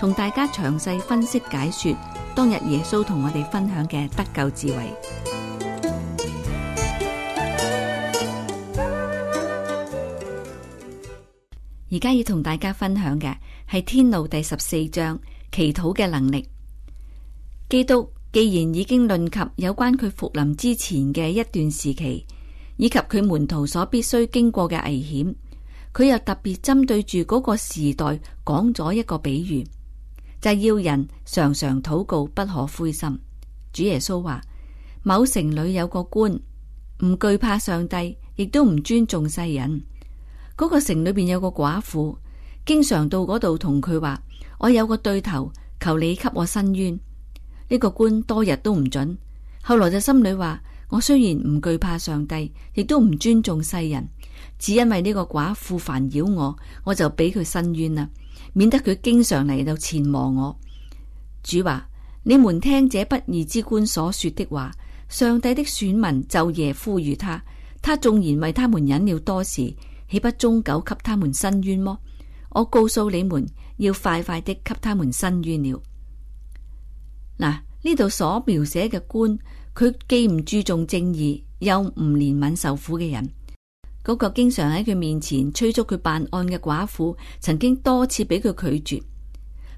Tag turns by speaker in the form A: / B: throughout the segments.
A: 同大家詳細分析解說，當日耶穌同我哋分享嘅得救智慧。而家要同大家分享嘅係《天路》第十四章祈禱嘅能力。基督既然已經論及有關佢復臨之前嘅一段時期，以及佢門徒所必須經過嘅危險，佢又特別針對住嗰個時代講咗一個比喻。就係要人常常禱告，不可灰心。主耶穌話：某城裏有個官，唔懼怕上帝，亦都唔尊重世人。嗰個城裏邊有個寡婦，經常到嗰度同佢話：我有個對頭，求你給我申冤。呢個官多日都唔准。後來就心裏話：我雖然唔懼怕上帝，亦都唔尊重世人，只因為呢個寡婦煩擾我，我就俾佢申冤啦。免得佢經常嚟到纏磨我。主話：你們聽這不義之官所說的話，上帝的選民就夜呼籲他，他縱然為他們忍了多時，豈不終久給他們伸冤麼？我告訴你們，要快快的給他們伸冤了。嗱，呢度所描寫嘅官，佢既唔注重正義，又唔憐憫受苦嘅人。嗰個經常喺佢面前催促佢辦案嘅寡婦，曾經多次俾佢拒絕。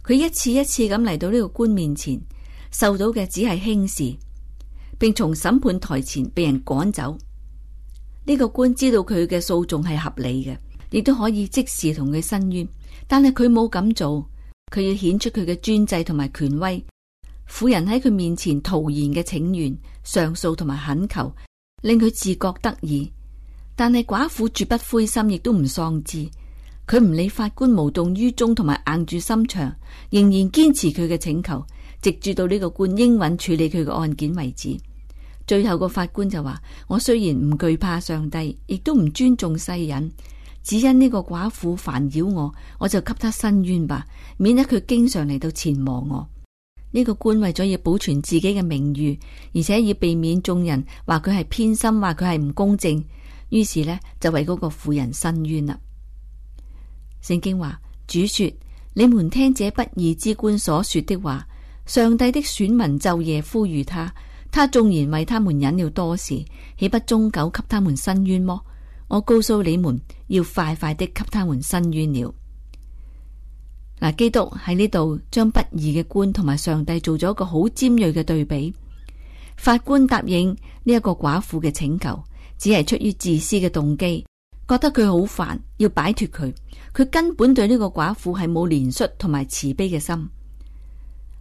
A: 佢一次一次咁嚟到呢個官面前，受到嘅只係輕視，並從審判台前被人趕走。呢個官知道佢嘅訴訟係合理嘅，亦都可以即時同佢申冤，但係佢冇咁做。佢要顯出佢嘅專制同埋權威。婦人喺佢面前徒然嘅請願、上訴同埋懇求，令佢自覺得意。但係寡婦絕不灰心，亦都唔喪志。佢唔理法官無動於衷，同埋硬住心腸，仍然堅持佢嘅請求，直至到呢個官應允處理佢嘅案件為止。最後個法官就話：我雖然唔懼怕上帝，亦都唔尊重世人，只因呢個寡婦煩擾我，我就給她申冤吧，免得佢經常嚟到纏磨我。呢、這個官為咗要保存自己嘅名譽，而且要避免眾人話佢係偏心，話佢係唔公正。於是呢，就為嗰個婦人申冤啦。聖經話：主說，你們聽這不義之官所說的話。上帝的選民晝夜呼籲他，他縱然為他們忍了多時，豈不終久給他們申冤麼？我告訴你們，要快快的給他們申冤了。嗱，基督喺呢度將不義嘅官同埋上帝做咗一個好尖銳嘅對比。法官答應呢一個寡婦嘅請求。只係出於自私嘅動機，覺得佢好煩，要擺脫佢。佢根本對呢個寡婦係冇憐恤同埋慈悲嘅心。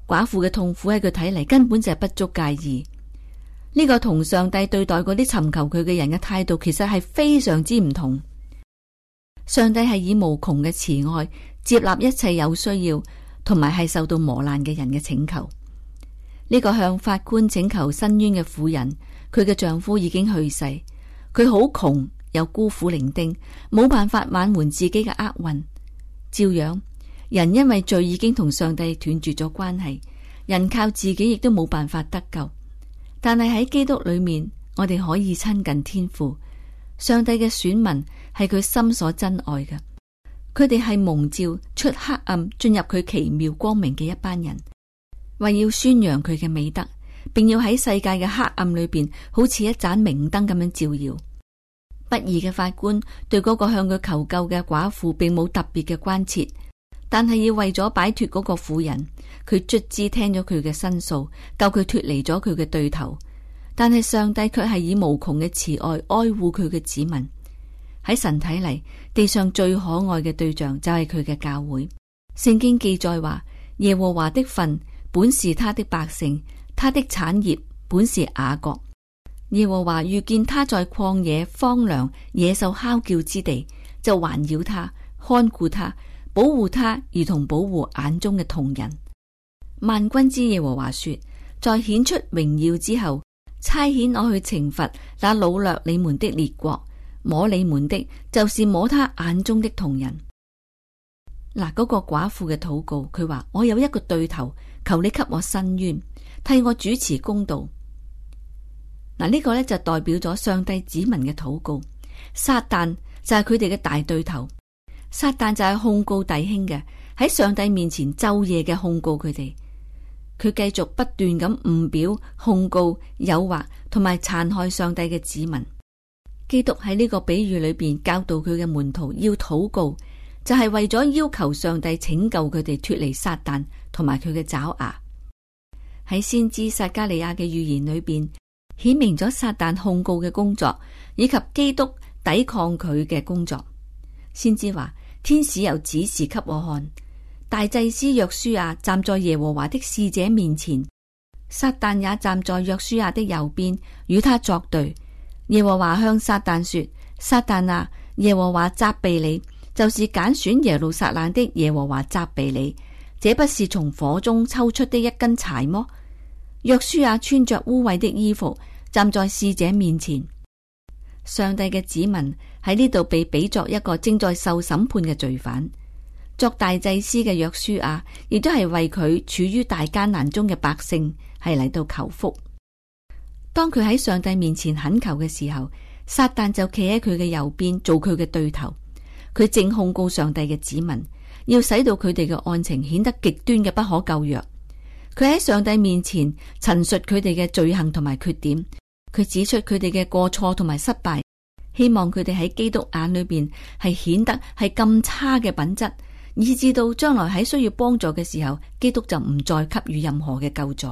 A: 寡婦嘅痛苦喺佢睇嚟根本就係不足介意。呢個同上帝對待嗰啲尋求佢嘅人嘅態度，其實係非常之唔同。上帝係以無窮嘅慈愛接納一切有需要同埋係受到磨難嘅人嘅請求。呢個向法官請求申冤嘅婦人，佢嘅丈夫已經去世。佢好窮，又孤苦伶仃，冇辦法挽回自己嘅厄運。照樣，人因為罪已經同上帝斷絕咗關係，人靠自己亦都冇辦法得救。但係喺基督裏面，我哋可以親近天父。上帝嘅選民係佢心所珍愛嘅，佢哋係蒙照出黑暗，進入佢奇妙光明嘅一班人，為要宣揚佢嘅美德。並要喺世界嘅黑暗裏邊，好似一盞明燈咁樣照耀。不義嘅法官對嗰個向佢求救嘅寡婦並冇特別嘅關切，但係要為咗擺脫嗰個婦人，佢卒之聽咗佢嘅申訴，救佢脫離咗佢嘅對頭。但係上帝卻係以無窮嘅慈愛愛，愛護佢嘅子民。喺神睇嚟，地上最可愛嘅對象就係佢嘅教會。聖經記載話，耶和華的份本是他的百姓。他的產業本是雅各，耶和華遇見他在曠野荒涼野獸哮叫之地，就環繞他，看顧他，保護他，如同保護眼中嘅瞳人。萬軍之耶和華說，在顯出榮耀之後，差遣我去懲罰那擄掠你們的列國，摸你們的，就是摸他眼中的瞳人。嗱，嗰、那個寡婦嘅禱告，佢話：我有一個對頭，求你給我伸冤。替我主持公道，嗱、這、呢個咧就代表咗上帝子民嘅禱告。撒旦就係佢哋嘅大對頭，撒旦就係控告弟兄嘅，喺上帝面前晝夜嘅控告佢哋。佢繼續不斷咁誤表控告、誘惑同埋殘害上帝嘅子民。基督喺呢個比喻裏邊教導佢嘅門徒要禱告，就係、是、為咗要求上帝拯救佢哋脫離撒旦同埋佢嘅爪牙。喺先知撒加利亞嘅預言裏邊，顯明咗撒旦控告嘅工作，以及基督抵抗佢嘅工作。先知話：天使又指示給我看，大祭司約書亞站在耶和華的使者面前，撒旦也站在約書亞的右邊與他作對。耶和華向撒旦說：撒旦啊，耶和華責備你，就是揀選耶路撒冷的耶和華責備你，這不是從火中抽出的一根柴麼？約書亞穿着污穢的衣服站在侍者面前，上帝嘅子民喺呢度被比作一個正在受審判嘅罪犯。作大祭司嘅約書亞亦都係為佢處於大艱難中嘅百姓係嚟到求福。當佢喺上帝面前懇求嘅時候，撒旦就企喺佢嘅右邊做佢嘅對頭，佢正控告上帝嘅子民，要使到佢哋嘅案情顯得極端嘅不可救藥。佢喺上帝面前陳述佢哋嘅罪行同埋缺點，佢指出佢哋嘅過錯同埋失敗，希望佢哋喺基督眼裏邊係顯得係咁差嘅品質，以至到將來喺需要幫助嘅時候，基督就唔再給予任何嘅救助。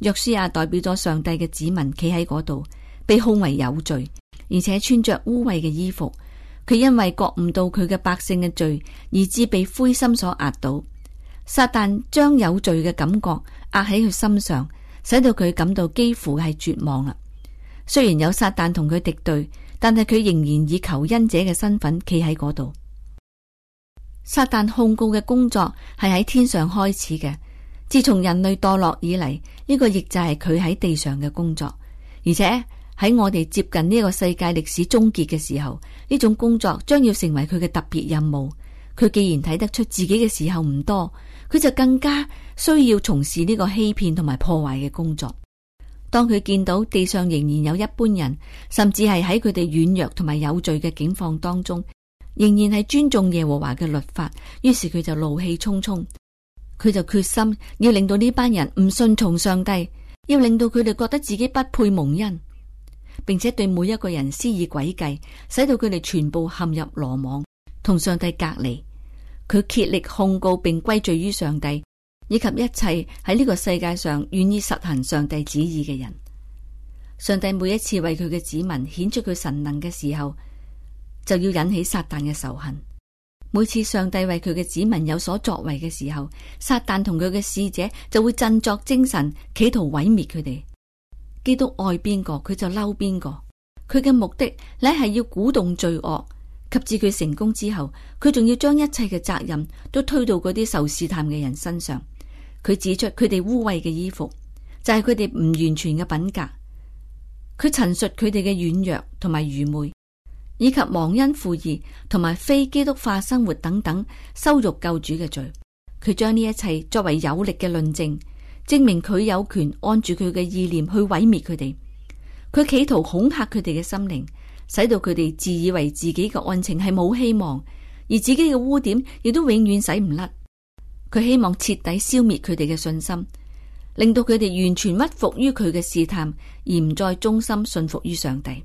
A: 約書亞代表咗上帝嘅子民，企喺嗰度，被控為有罪，而且穿着污穢嘅衣服。佢因為覺悟到佢嘅百姓嘅罪，以至被灰心所壓倒。撒旦將有罪嘅感覺壓喺佢身上，使到佢感到幾乎係絕望啦。雖然有撒旦同佢敵對，但係佢仍然以求恩者嘅身份企喺嗰度。撒旦控告嘅工作係喺天上開始嘅，自從人類墮落以嚟，呢個亦就係佢喺地上嘅工作。而且喺我哋接近呢個世界歷史終結嘅時候，呢種工作將要成為佢嘅特別任務。佢既然睇得出自己嘅時候唔多。佢就更加需要從事呢個欺騙同埋破壞嘅工作。當佢見到地上仍然有一般人，甚至係喺佢哋軟弱同埋有罪嘅境況當中，仍然係尊重耶和華嘅律法，於是佢就怒氣冲沖，佢就決心要令到呢班人唔信從上帝，要令到佢哋覺得自己不配蒙恩，並且對每一個人施以詭計，使到佢哋全部陷入羅網，同上帝隔離。佢竭力控告並歸罪於上帝，以及一切喺呢個世界上願意實行上帝旨意嘅人。上帝每一次為佢嘅子民顯出佢神能嘅時候，就要引起撒旦嘅仇恨。每次上帝為佢嘅子民有所作為嘅時候，撒旦同佢嘅使者就會振作精神，企圖毀滅佢哋。基督愛邊個，佢就嬲邊個。佢嘅目的乃係要鼓動罪惡。及至佢成功之後，佢仲要將一切嘅責任都推到嗰啲受試探嘅人身上。佢指出佢哋污穢嘅衣服就係佢哋唔完全嘅品格。佢陳述佢哋嘅軟弱同埋愚昧，以及忘恩負義同埋非基督化生活等等羞辱救主嘅罪。佢將呢一切作為有力嘅論證，證明佢有權按住佢嘅意念去毀滅佢哋。佢企圖恐嚇佢哋嘅心靈。使到佢哋自以為自己嘅案情係冇希望，而自己嘅污點亦都永遠洗唔甩。佢希望徹底消滅佢哋嘅信心，令到佢哋完全屈服於佢嘅試探，而唔再忠心信服於上帝。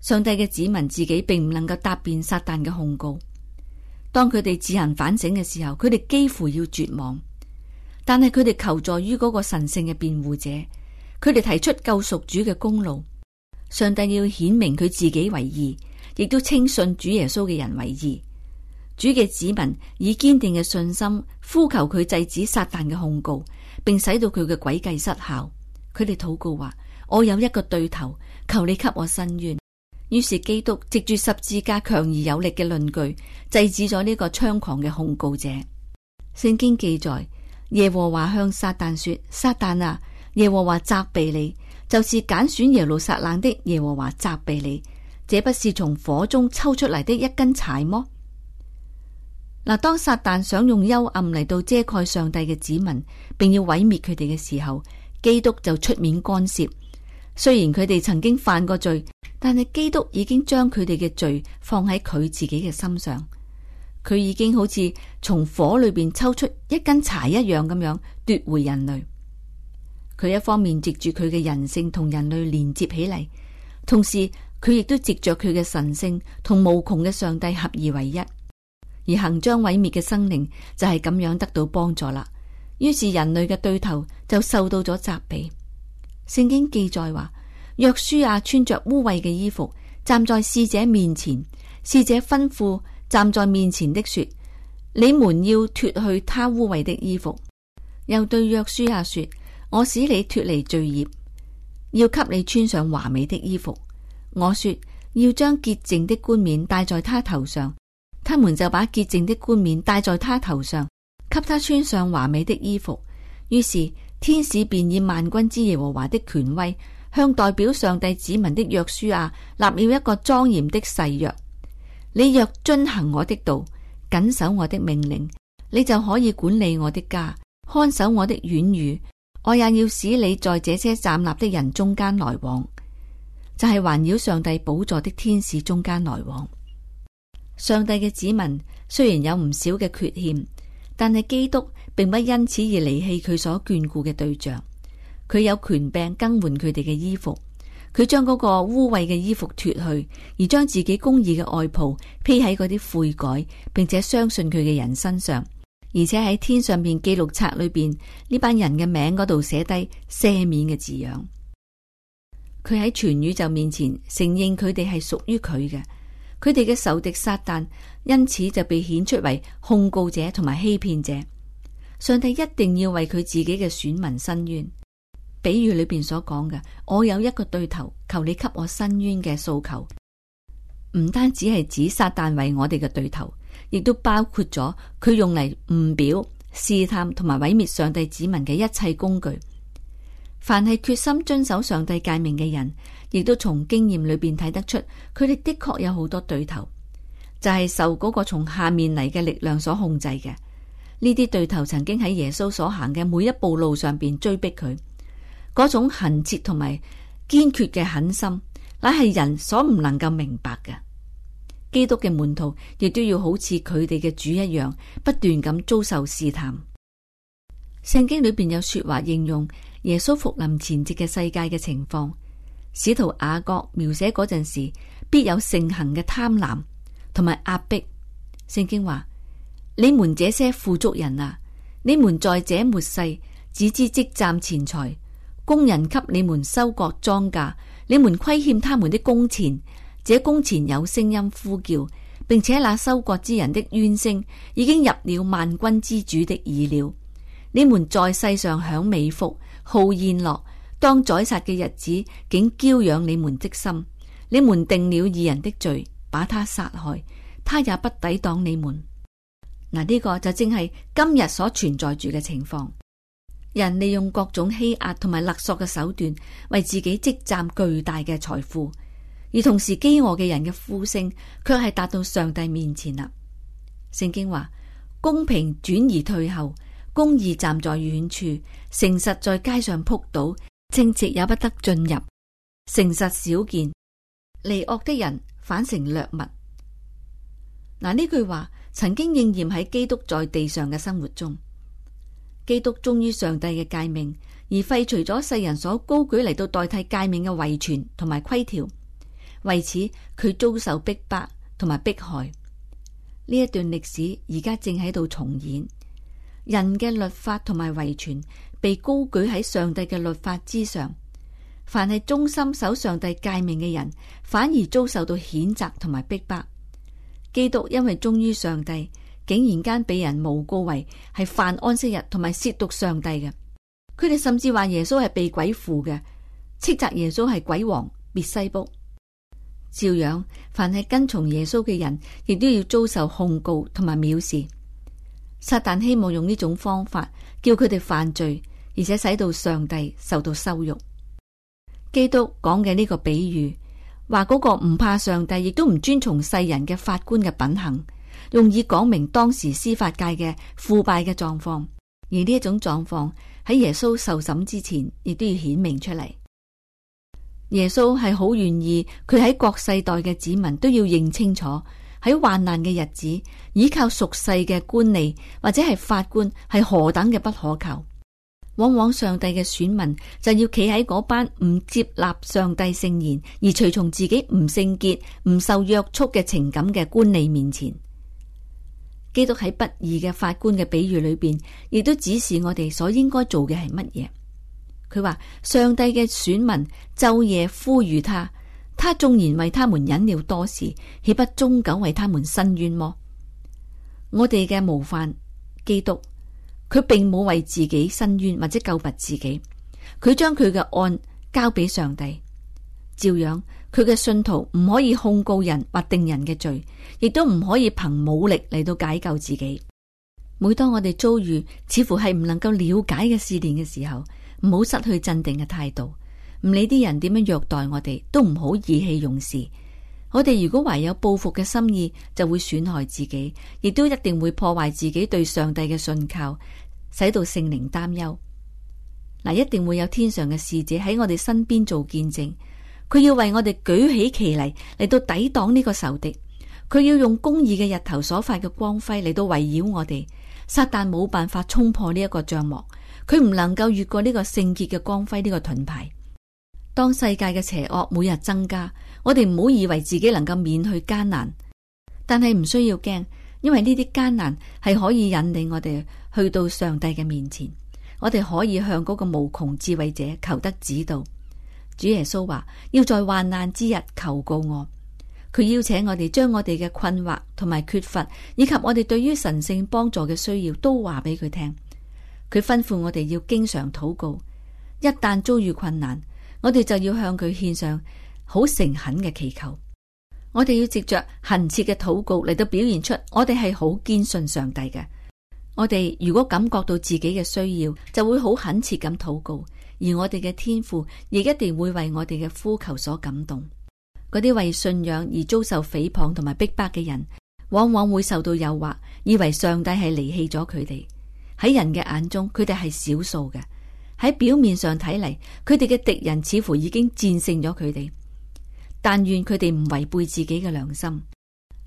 A: 上帝嘅子民自己並唔能夠答辯撒旦嘅控告。當佢哋自行反省嘅時候，佢哋幾乎要絕望，但係佢哋求助於嗰個神聖嘅辯護者。佢哋提出救贖主嘅功勞。上帝要顯明佢自己為義，亦都稱信主耶穌嘅人為義。主嘅子民以堅定嘅信心，呼求佢制止撒旦嘅控告，並使到佢嘅詭計失效。佢哋禱告話：我有一個對頭，求你給我伸冤。於是基督藉住十字架強而有力嘅論據，制止咗呢個猖狂嘅控告者。聖經記載，耶和華向撒旦說：撒旦啊，耶和華責備你。就是揀選耶路撒冷的耶和華責備你，這不是從火中抽出嚟的一根柴麼？嗱，當撒旦想用幽暗嚟到遮蓋上帝嘅指紋，並要毀滅佢哋嘅時候，基督就出面干涉。雖然佢哋曾經犯過罪，但係基督已經將佢哋嘅罪放喺佢自己嘅心上，佢已經好似從火裏邊抽出一根柴一樣咁樣奪回人類。佢一方面藉住佢嘅人性同人類連接起嚟，同時佢亦都藉著佢嘅神性同無窮嘅上帝合二為一，而行將毀滅嘅生靈就係咁樣得到幫助啦。於是人類嘅對頭就受到咗責備。聖經記載話，約書亞穿着污穢嘅衣服站在侍者面前，侍者吩咐站在面前的說：你們要脫去他污穢的衣服。又對約書亞說。我使你脫離罪孽，要給你穿上華美的衣服。我說要將潔淨的冠冕戴在他頭上，他們就把潔淨的冠冕戴在他頭上，給他穿上華美的衣服。於是天使便以萬軍之耶和華的權威，向代表上帝子民的約書亞立了一個莊嚴的誓約：你若遵行我的道，謹守我的命令，你就可以管理我的家，看守我的院宇。我也要使你在這些站立的人中間來往，就係環繞上帝寶座的天使中間來往。上帝嘅子民雖然有唔少嘅缺陷，但係基督並不因此而離棄佢所眷顧嘅對象。佢有權柄更換佢哋嘅衣服，佢將嗰個污穢嘅衣服脫去，而將自己公義嘅外袍披喺嗰啲悔改並且相信佢嘅人身上。而且喺天上邊記錄冊裏邊呢班人嘅名嗰度寫低赦免嘅字樣，佢喺全宇宙面前承認佢哋係屬於佢嘅，佢哋嘅仇敵撒旦，因此就被顯出為控告者同埋欺騙者。上帝一定要為佢自己嘅選民申冤。比喻裏邊所講嘅，我有一個對頭，求你給我申冤嘅訴求，唔單止係指撒旦為我哋嘅對頭。亦都包括咗佢用嚟誤表、試探同埋毀滅上帝子民嘅一切工具。凡係決心遵守上帝誡命嘅人，亦都從經驗裏邊睇得出，佢哋的確有好多對頭，就係、是、受嗰個從下面嚟嘅力量所控制嘅。呢啲對頭曾經喺耶穌所行嘅每一步路上邊追逼佢，嗰種恨切同埋堅決嘅狠心，乃係人所唔能夠明白嘅。基督嘅門徒亦都要好似佢哋嘅主一樣，不斷咁遭受試探。聖經裏邊有說話應用耶穌復臨前夕嘅世界嘅情況。使徒雅各描寫嗰陣時，必有盛行嘅貪婪同埋壓迫。聖經話：你們這些富足人啊，你們在這末世只知積攢錢財，工人給你們收割莊稼，你們虧欠他們的工錢。這工錢有聲音呼叫，並且那收割之人的冤聲已經入了萬軍之主的耳了。你們在世上享美福，好宴樂，當宰殺嘅日子，竟驕養你們的心。你們定了義人的罪，把他殺害，他也不抵擋你們。嗱，呢個就正係今日所存在住嘅情況。人利用各種欺壓同埋勒索嘅手段，為自己積攢巨大嘅財富。而同時，飢餓嘅人嘅呼聲，卻係達到上帝面前啦。聖經話：公平轉而退後，公義站在遠處，誠實在街上撲倒，正直也不得進入。誠實少見，離惡的人反成掠物。嗱，呢句話曾經應驗喺基督在地上嘅生活中。基督忠於上帝嘅誡命，而廢除咗世人所高舉嚟到代替誡命嘅遺傳同埋規條。為此，佢遭受逼迫同埋迫害。呢一段歷史而家正喺度重演。人嘅律法同埋遺傳被高舉喺上帝嘅律法之上，凡係忠心守上帝誡命嘅人，反而遭受到譴責同埋逼迫。基督因為忠於上帝，竟然間畀人誣告為係犯安息日同埋褻瀆上帝嘅。佢哋甚至話耶穌係被鬼附嘅，斥責耶穌係鬼王滅西卜。照樣，凡係跟從耶穌嘅人，亦都要遭受控告同埋藐視。撒旦希望用呢種方法，叫佢哋犯罪，而且使到上帝受到羞辱。基督講嘅呢個比喻，話嗰個唔怕上帝，亦都唔尊重世人嘅法官嘅品行，用以講明當時司法界嘅腐敗嘅狀況。而呢一種狀況喺耶穌受審之前，亦都要顯明出嚟。耶穌係好願意，佢喺各世代嘅子民都要認清楚，喺患難嘅日子，依靠屬世嘅官吏或者係法官係何等嘅不可求。往往上帝嘅選民就要企喺嗰班唔接納上帝聖言而隨從自己唔聖潔、唔受約束嘅情感嘅官吏面前。基督喺不義嘅法官嘅比喻裏邊，亦都指示我哋所應該做嘅係乜嘢。佢話上帝嘅選民晝夜呼籲他，他縱然為他們忍了多時，豈不終久為他們伸冤麼？我哋嘅模範基督，佢並冇為自己伸冤或者救拔自己，佢將佢嘅案交俾上帝，照樣佢嘅信徒唔可以控告人或定人嘅罪，亦都唔可以憑武力嚟到解救自己。每當我哋遭遇似乎係唔能夠了解嘅試煉嘅時候，唔好失去鎮定嘅態度，唔理啲人點樣虐待我哋，都唔好意氣用事。我哋如果懷有報復嘅心意，就會損害自己，亦都一定會破壞自己對上帝嘅信靠，使到聖靈擔憂。嗱，一定會有天上嘅使者喺我哋身邊做見證，佢要為我哋舉起旗嚟，嚟到抵擋呢個仇敵，佢要用公義嘅日頭所發嘅光輝嚟到圍繞我哋，撒旦冇辦法衝破呢一個帳幕。佢唔能夠越過呢個聖潔嘅光輝呢個盾牌。當世界嘅邪惡每日增加，我哋唔好以為自己能夠免去艱難，但係唔需要驚，因為呢啲艱難係可以引領我哋去到上帝嘅面前。我哋可以向嗰個無窮智慧者求得指導。主耶穌話：要在患難之日求告我。佢邀請我哋將我哋嘅困惑同埋缺乏，以及我哋對於神聖幫助嘅需要都，都話俾佢聽。佢吩咐我哋要經常禱告，一旦遭遇困難，我哋就要向佢獻上好誠懇嘅祈求。我哋要藉着懇切嘅禱告嚟到表現出我哋係好堅信上帝嘅。我哋如果感覺到自己嘅需要，就會好懇切咁禱告，而我哋嘅天父亦一定會為我哋嘅呼求所感動。嗰啲為信仰而遭受誹謗同埋逼迫嘅人，往往會受到誘惑，以為上帝係離棄咗佢哋。喺人嘅眼中，佢哋係少數嘅。喺表面上睇嚟，佢哋嘅敵人似乎已經戰勝咗佢哋。但願佢哋唔違背自己嘅良心。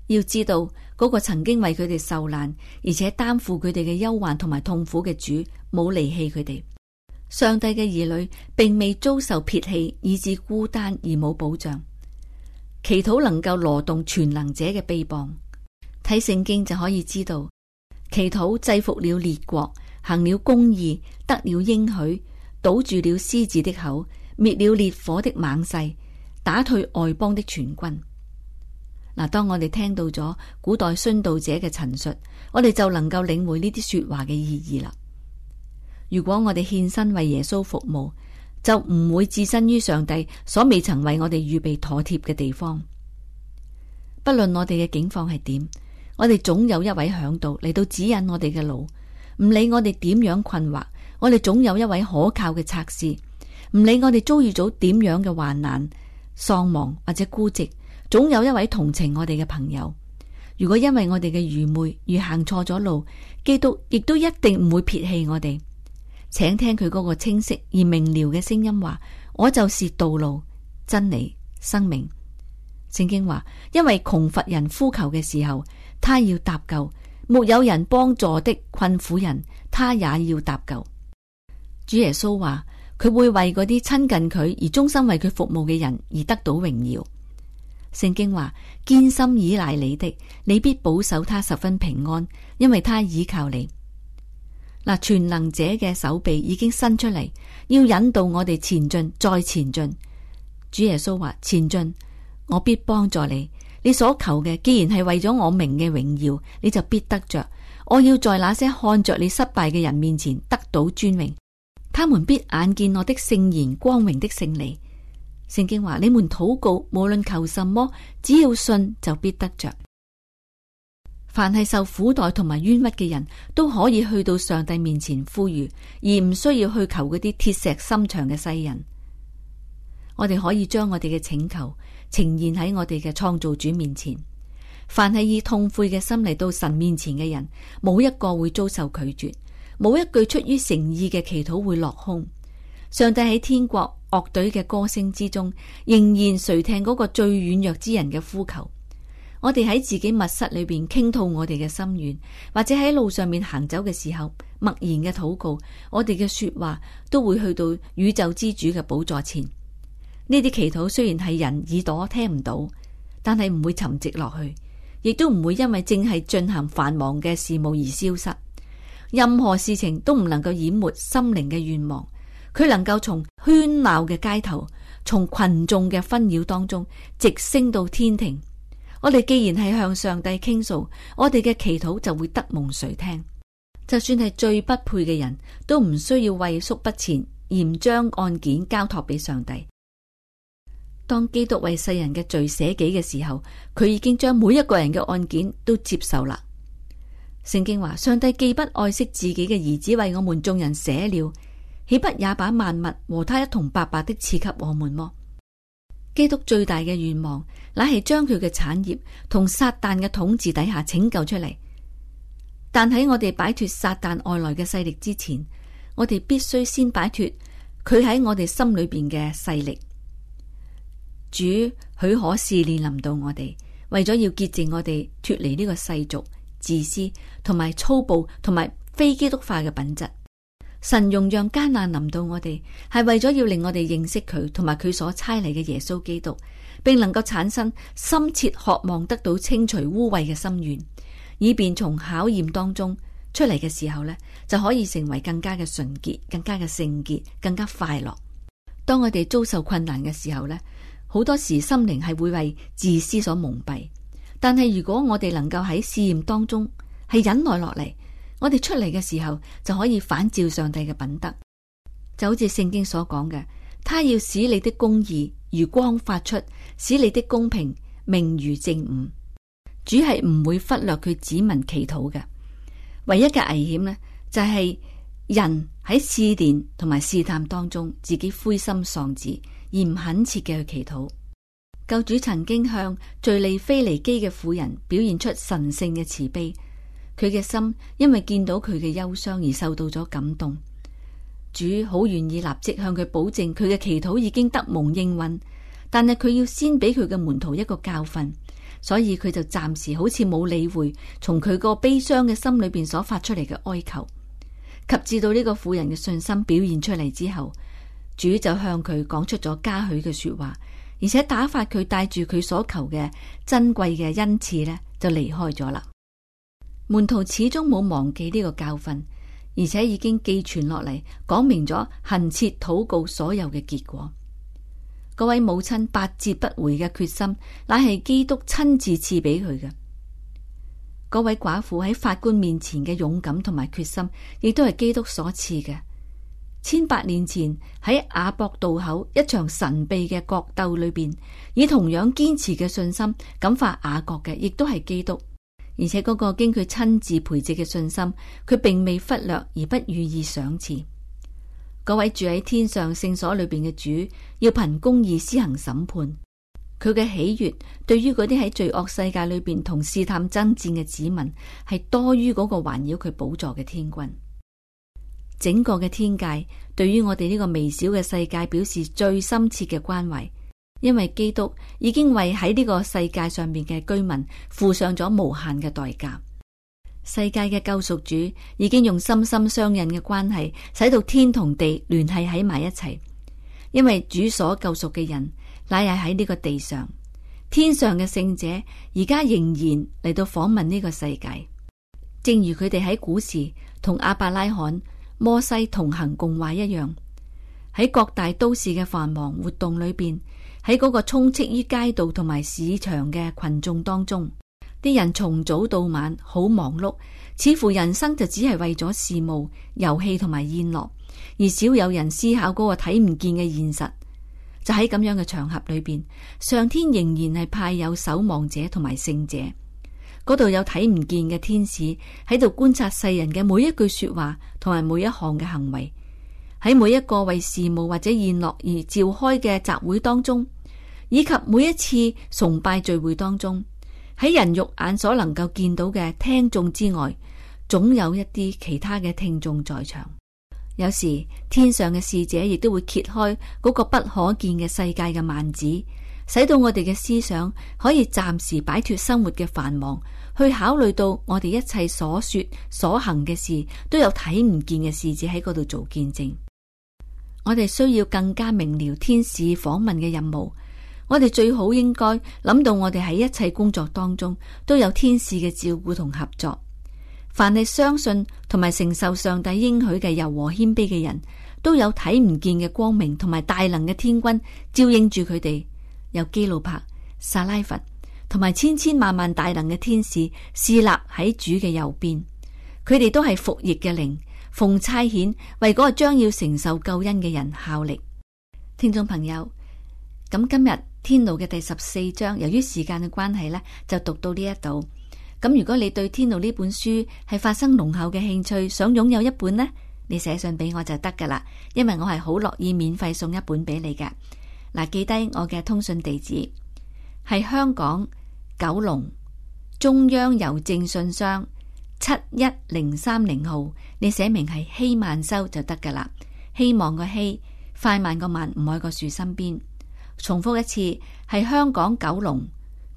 A: 要知道，嗰個曾經為佢哋受難而且擔負佢哋嘅憂患同埋痛苦嘅主，冇離棄佢哋。上帝嘅兒女並未遭受撇棄以致孤單而冇保障。祈禱能夠挪動全能者嘅臂膀。睇聖經就可以知道。祈禱制服了列國，行了公義，得了應許，堵住了獅子的口，滅了烈火的猛勢，打退外邦的全軍。嗱，當我哋聽到咗古代殉道者嘅陳述，我哋就能夠領會呢啲說話嘅意義啦。如果我哋獻身為耶穌服務，就唔會置身於上帝所未曾為我哋預備妥帖嘅地方。不論我哋嘅境況係點。我哋總有一位響度嚟到指引我哋嘅路，唔理我哋點樣困惑，我哋總有一位可靠嘅策士。唔理我哋遭遇咗點樣嘅患難、喪亡或者孤寂，總有一位同情我哋嘅朋友。如果因為我哋嘅愚昧而行錯咗路，基督亦都一定唔會撇棄我哋。請聽佢嗰個清晰而明了嘅聲音話：我就是道路、真理、生命。聖經話，因為窮乏人呼求嘅時候。他要搭救沒有人幫助的困苦人，他也要搭救。主耶穌話：佢會為嗰啲親近佢而忠心為佢服務嘅人而得到榮耀。聖經話：堅心倚賴你的，你必保守他十分平安，因為他倚靠你。嗱，全能者嘅手臂已經伸出嚟，要引導我哋前進，再前進。主耶穌話：前進，我必幫助你。你所求嘅，既然係為咗我名嘅榮耀，你就必得着。我要在那些看着你失敗嘅人面前得到尊榮，他們必眼見我的聖言光榮的勝利。聖經話：你們禱告，無論求什麼，只要信，就必得着。凡係受苦待同埋冤屈嘅人都可以去到上帝面前呼籲，而唔需要去求嗰啲鐵石心腸嘅世人。我哋可以將我哋嘅請求。呈現喺我哋嘅創造主面前，凡係以痛悔嘅心嚟到神面前嘅人，冇一個會遭受拒絕，冇一句出於誠意嘅祈禱會落空。上帝喺天國樂隊嘅歌聲之中，仍然垂聽嗰個最軟弱之人嘅呼求。我哋喺自己密室裏邊傾吐我哋嘅心願，或者喺路上面行走嘅時候默然嘅禱告，我哋嘅說話都會去到宇宙之主嘅寶座前。呢啲祈禱雖然係人耳朵聽唔到，但係唔會沉寂落去，亦都唔會因為正係進行繁忙嘅事務而消失。任何事情都唔能夠淹沒心靈嘅願望。佢能夠從喧鬧嘅街頭，從群眾嘅紛擾當中直升到天庭。我哋既然係向上帝傾訴，我哋嘅祈禱就會得蒙垂聽。就算係最不配嘅人都唔需要畏縮不前，嚴將案件交託俾上帝。當基督為世人嘅罪捨己嘅時候，佢已經將每一個人嘅案件都接受啦。聖經話：上帝既不愛惜自己嘅兒子為我們眾人捨了，豈不也把萬物和他一同白白的賜給我們麼？基督最大嘅願望，乃係將佢嘅產業同撒旦嘅統治底下拯救出嚟。但喺我哋擺脫撒旦外來嘅勢力之前，我哋必須先擺脫佢喺我哋心裏邊嘅勢力。主許可試煉臨到我哋，為咗要潔淨我哋，脱離呢個世俗、自私同埋粗暴同埋非基督化嘅品質。神容讓艱難臨到我哋，係為咗要令我哋認識佢同埋佢所差嚟嘅耶穌基督，並能夠產生深切渴望得到清除污穢嘅心願，以便從考驗當中出嚟嘅時候呢就可以成為更加嘅純潔、更加嘅聖潔、更加快樂。當我哋遭受困難嘅時候呢。好多時心靈係會為自私所蒙蔽，但係如果我哋能夠喺試驗當中係忍耐落嚟，我哋出嚟嘅時候就可以反照上帝嘅品德，就好似聖經所講嘅，他要使你的公義如光發出，使你的公平明如正午。主係唔會忽略佢子民祈禱嘅，唯一嘅危險呢，就係、是、人喺試驗同埋試探當中自己灰心喪志，而唔懇切嘅去祈禱，救主曾經向敘利腓尼基嘅婦人表現出神聖嘅慈悲，佢嘅心因為見到佢嘅憂傷而受到咗感動。主好願意立即向佢保證佢嘅祈禱已經得蒙應允，但係佢要先俾佢嘅門徒一個教訓，所以佢就暫時好似冇理會從佢個悲傷嘅心裏邊所發出嚟嘅哀求，及至到呢個婦人嘅信心表現出嚟之後。主就向佢講出咗嘉許嘅說話，而且打發佢帶住佢所求嘅珍貴嘅恩賜呢，就離開咗啦。門徒始終冇忘記呢個教訓，而且已經寄存落嚟，講明咗恆切禱告所有嘅結果。嗰位母親百折不回嘅決心，乃係基督親自賜俾佢嘅。嗰位寡婦喺法官面前嘅勇敢同埋決心，亦都係基督所賜嘅。千百年前喺雅博渡口一場神秘嘅角鬥裏邊，以同樣堅持嘅信心感化雅各嘅，亦都係基督。而且嗰個經佢親自培植嘅信心，佢並未忽略而不予以賞賜。嗰位住喺天上聖所裏邊嘅主要憑公義施行審判，佢嘅喜悅對於嗰啲喺罪惡世界裏邊同試探爭戰嘅子民，係多於嗰個環繞佢寶座嘅天軍。整個嘅天界對於我哋呢個微小嘅世界表示最深切嘅關懷，因為基督已經為喺呢個世界上面嘅居民付上咗無限嘅代價。世界嘅救贖主已經用心心相印嘅關係，使到天同地聯繫喺埋一齊。因為主所救贖嘅人，乃係喺呢個地上天上嘅聖者，而家仍然嚟到訪問呢個世界，正如佢哋喺古時同亞伯拉罕、摩西同行共話一樣，喺各大都市嘅繁忙活動裏邊，喺嗰個充斥於街道同埋市場嘅群眾當中，啲人從早到晚好忙碌，似乎人生就只係為咗事務、遊戲同埋宴樂，而少有人思考嗰個睇唔見嘅現實。就喺咁樣嘅場合裏邊，上天仍然係派有守望者同埋聖者。嗰度有睇唔見嘅天使喺度觀察世人嘅每一句說話同埋每一項嘅行為，喺每一個為事務或者宴樂而召開嘅集會當中，以及每一次崇拜聚會當中，喺人肉眼所能夠見到嘅聽眾之外，總有一啲其他嘅聽眾在場。有時天上嘅使者亦都會揭開嗰個不可見嘅世界嘅幔子。使到我哋嘅思想可以暫時擺脫生活嘅繁忙，去考慮到我哋一切所說所行嘅事，都有睇唔見嘅使者喺嗰度做見證。我哋需要更加明了天使訪問嘅任務。我哋最好應該諗到我哋喺一切工作當中都有天使嘅照顧同合作。凡係相信同埋承受上帝應許嘅柔和謙卑嘅人，都有睇唔見嘅光明同埋大能嘅天君照應住佢哋。有基路伯、撒拉弗同埋千千萬萬大能嘅天使，侍立喺主嘅右邊，佢哋都係服役嘅靈，奉差遣為嗰個將要承受救恩嘅人效力。聽眾朋友，咁今日天路嘅第十四章，由於時間嘅關係呢，就讀到呢一度。咁如果你對天路呢本書係發生濃厚嘅興趣，想擁有一本呢，你寫信俾我就得噶啦，因為我係好樂意免費送一本俾你嘅。嗱，記低我嘅通訊地址，係香港九龍中央郵政信箱七一零三零號。你寫明係希曼修就得噶啦。希望個希，快慢個慢，唔喺個樹身邊。重複一次，係香港九龍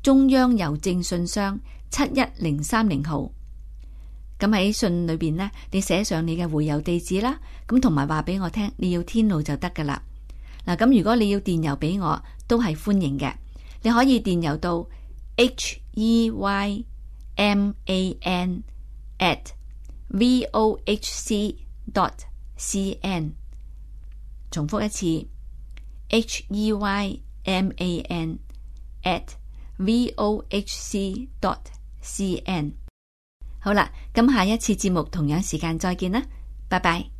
A: 中央郵政信箱七一零三零號。咁喺信裏邊呢，你寫上你嘅回郵地址啦。咁同埋話俾我聽，你要天路就得噶啦。嗱，咁如果你要電郵俾我，都係歡迎嘅。你可以電郵到 h e y m a n at v o h c dot c n。重複一次，h e y m a n at v o h c dot c n。好啦，咁下一次節目同樣時間再見啦，拜拜。